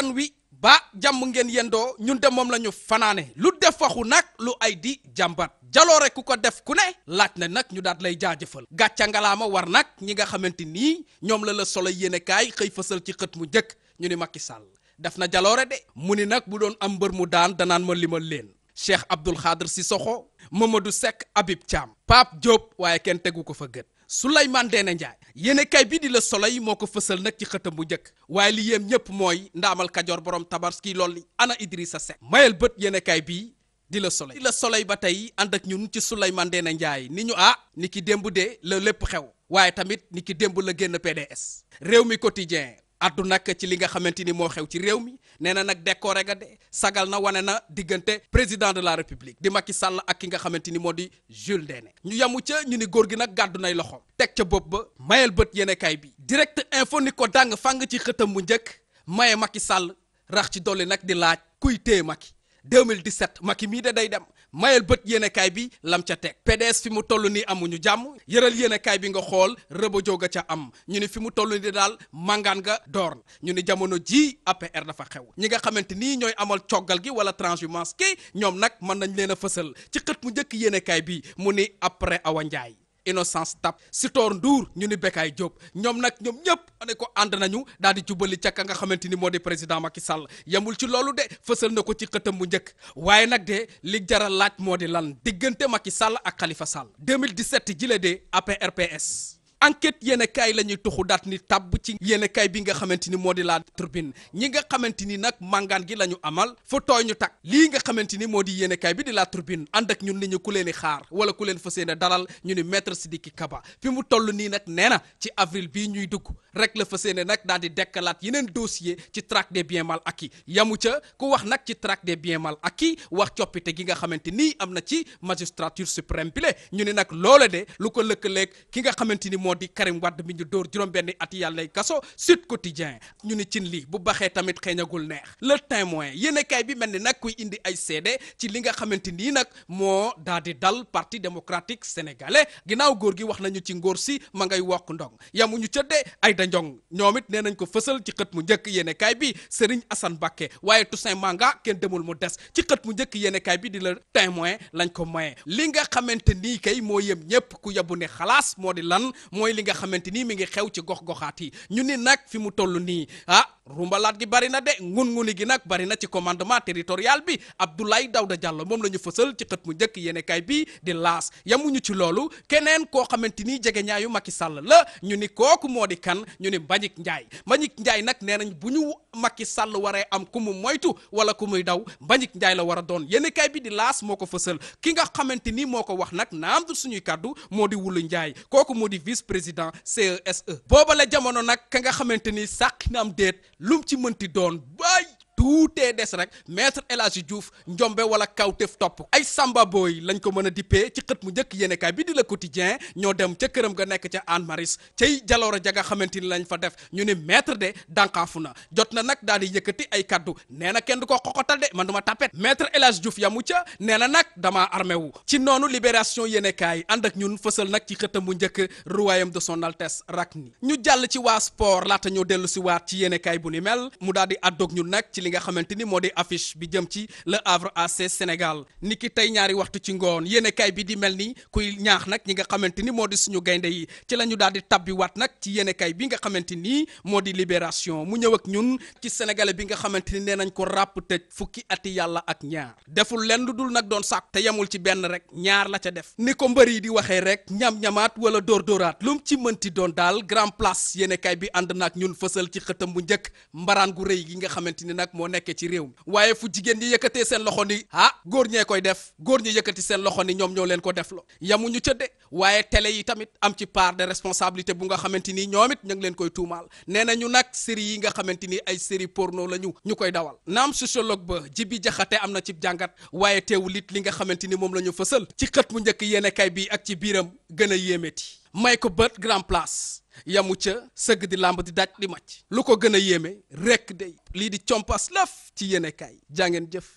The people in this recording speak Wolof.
askan wi ba jàmm ngeen yendoo ñun de moom la ñu fanaane lu def waxu nag lu ay di jàmbat jaloore ku ko def ku ne laaj na nag ñu daat lay jaajëfal gàcca ngalaama war nag ñi nga xamante nii ñoom la la solo yéenekaay xëy fësal ci xët mu njëkk ñu ni Macky Sall def na jaloore de mu ni nag bu doon am mbër mu daan danaan ma limal leen Cheikh si soxo Sissoko Mamadou Seck Habib Thiam Pape Diop waaye kenn tegu ko fa gët Souleymane Ndéné Ndiaye yéene kay bii di la Soleil moo ko fësal nag ci xëtam bu njëkk waaye li yéem ñépp mooy ndaamal Kajoor borom tabaski lool li ana sa Seck mayel bët yéene kay bii di la Soleil di la Soleil ba tey ànd ak ñun ci Souleymane Ndéné Ndiaye ni ñu ah ni ki démb de la lépp xew waaye tamit ni ki démb la génn PDS réew mi quotidien addu nag ci li nga xamante ni moo xew ci réew mi nee na nag décoré ga de sagal na wane na diggante président de la république di Macky Sall ak ki nga xamante ni moo di Jules Ndéné ñu yamu ca ñu ni góor gi nag gàddu nay loxoom teg ca bopp ba mayel bët yéenekaay bi direct info ni ko dàng fàng ci xëtam bu njëkk maye Macky sàll rax ci dolli nag di laaj kuy téye Macky 2017 Macky mii de day dem mayal bët yéenekaay bi lam ca teg PDS fi mu toll nii amuñu jàmm yëral yéenekaay bi nga xool jóg a ca am ñu ni fi mu toll ni daal màngaan ga door ñu ni jamono ji APR dafa xew ñi nga xamante nii ñooy amal coggal gi wala transhumance ki ñoom nag mën nañ leen a fësal ci xët mu njëkk yéenekaay bi mu ni après Awa Ndiaye innocence tap Sitor Ndour ñu ni Bekaay Diop ñoom nag ñoom ñëpp ne ko ànd nañu daal di jubali ca ka nga xamante ni moo di président Macky Sall yemul ci loolu de fësal na ko ci xëtam bu njëkk waaye nag de li jaral laaj moo di lan diggante Macky Sall ak Khalifa Sall 2017 jile de APRPS enquête yéen a la ñuy tuxu daat ni tàbb ci yéen a bi nga xamante ni moo di laa tribune ñi nga xamante ni nag màngaan gi la ñu amal fa tooy ñu tag lii nga xamante ni moo di yéen bi di la tribune ànd ak ñun ni ñu ku leen i xaar wala ku leen fas yéene dalal ñu ni maître Sidiki Kaba fi mu toll nii nag nee na ci avril bii ñuy dugg rek la fas yéene nag daal di dekkalaat yeneen dossier ci tract de biens mal acquis yamu ca ku wax nag ci traque de biens mal acquis wax coppite gi nga xamante ni am na ci magistrature suprême bi le ñu ne nag loola lu ko lëkkaleeg ki nga xamante ni moo di Karim Wade mi ñu dóor juróom-benn at yàllay kaso Sud Quotidien ñu ni cin lii bu baxee tamit xeeñagul neex le témoin yéenekaay bi mel ni nag kuy indi ay seede ci li nga xamante nii nag moo daal di dal parti démocratique sénégalais ginnaaw góor gi wax nañu ci ngóor si ma ngay wokk ndong yamuñu cëddee ay da njong ñoom it nee nañ ko fësal ci xët mu njëkk yéenekaay bi Serigne Assane Mbacké waaye Toussaint Manga kenn demul mu des ci xët mu njëkk yéenekaay bi di la témoin lañ ko maye li nga xamante nii kay moo yem ñëpp ku yabu ne xalaas moo di lan mooy li nga xamante nii mi ngi xew ci gox goxaat yi ñu ni nag fi mu toll nii ah rumbalaat gi bari na de ngun-nguni gi nag bari na ci commandement territorial bi Abdoulaye Daouda Diallo moom la ñu fësal ci xët mu njëkk yéenekaay bi di laas yamuñu ci loolu keneen koo xamante ni jege ñaayu Macky Sall la ñu ni kooku moo di kan ñu ni Mbagnick Ndiaye Mbagnick Ndiaye nag nee nañ bu ñu Macky Sall waree am ku mu moytu wala ku muy daw Mbagnick Ndiaye la war a doon yéenekaay bi di laas moo ko fësal ki nga xamante ni moo ko wax nag naam du suñuy kàddu moo di Wulu Ndiaye kooku moo di vice président CESE booba la jamono nag ka nga xamante ni sàq am déet lum ci mënti doon baay tuutee des rek maître El Hadji Diouf njombe wala kawtef topp ay samba booy lañ ko mën a dippee ci xët mu njëkk yéenekaay bi di Le Quotidien ñoo dem ca këram ga nekk ca Anne Maris cay jaloor ja nga xamante ni lañ fa def ñu ne maître de dànkaafu na jot na nag daal di yëkkati ay kaddu nee na kenn du ko xoxotal de man duma tapet maître El Hadji Diouf yamu ca nee na nag dama armé wu ci noonu libération yenekaay ànd ak ñun fësal nag ci xëtam bu njëkk royaume de son altesse Rakhni ñu jàll ci waa sport laata ñoo dellu si waat ci yéenekaay bu li nga xamante ni moo di affiche bi jëm ci Le Havre AC Sénégal ni ki tey ñaari waxtu ci ngoon yéenekaay bi di mel ni kuy ñaax nag ñi nga xamante ni moo di suñu gaynde yi ci la ñu daal di tabbiwaat nag ci yéenekaay bi nga xamante ni moo di Libération mu ñëw ak ñun ci sénégalais bi nga xamante ne nee nañ ko ràpp tëj fukki ati yàlla ak ñaar deful lenn lu dul nag doon sàkk te yemul ci benn rek ñaar la ca def ni ko mbër yi di waxee rek ñam-ñamaat wala door dooraat lu ci mënti doon daal grand place bi ànd naag ñun fësal ci xëtam bu njëkk moo nekkee ci réew mi waaye fu jigéen ñi yëkkatee seen loxo ni ah góor ñee koy def góor ñi yëkkati seen loxo ni ñoom ñoo leen ko def lo yamuñu cëdde waaye télé yi tamit am ci part de responsabilité bu nga xamante ni ñoom it ñu leen koy tuumaal nee na ñu nag série yi nga xamante ni ay série porno la ñu ñu koy dawal naam sociologue ba jibi jaxate am na ci jàngat waaye teewu lit li nga xamante ni moom la ñu fësal ci xët mu njëkk yéenekaay bi ak ci biiram gën a yéemeeti may ko bët grand place yamu ca sëgg di làmb di daaj di màcc lu ko gën a yéeme rekk day lii di compas laf ci yéenekaay jaa ngeen jëf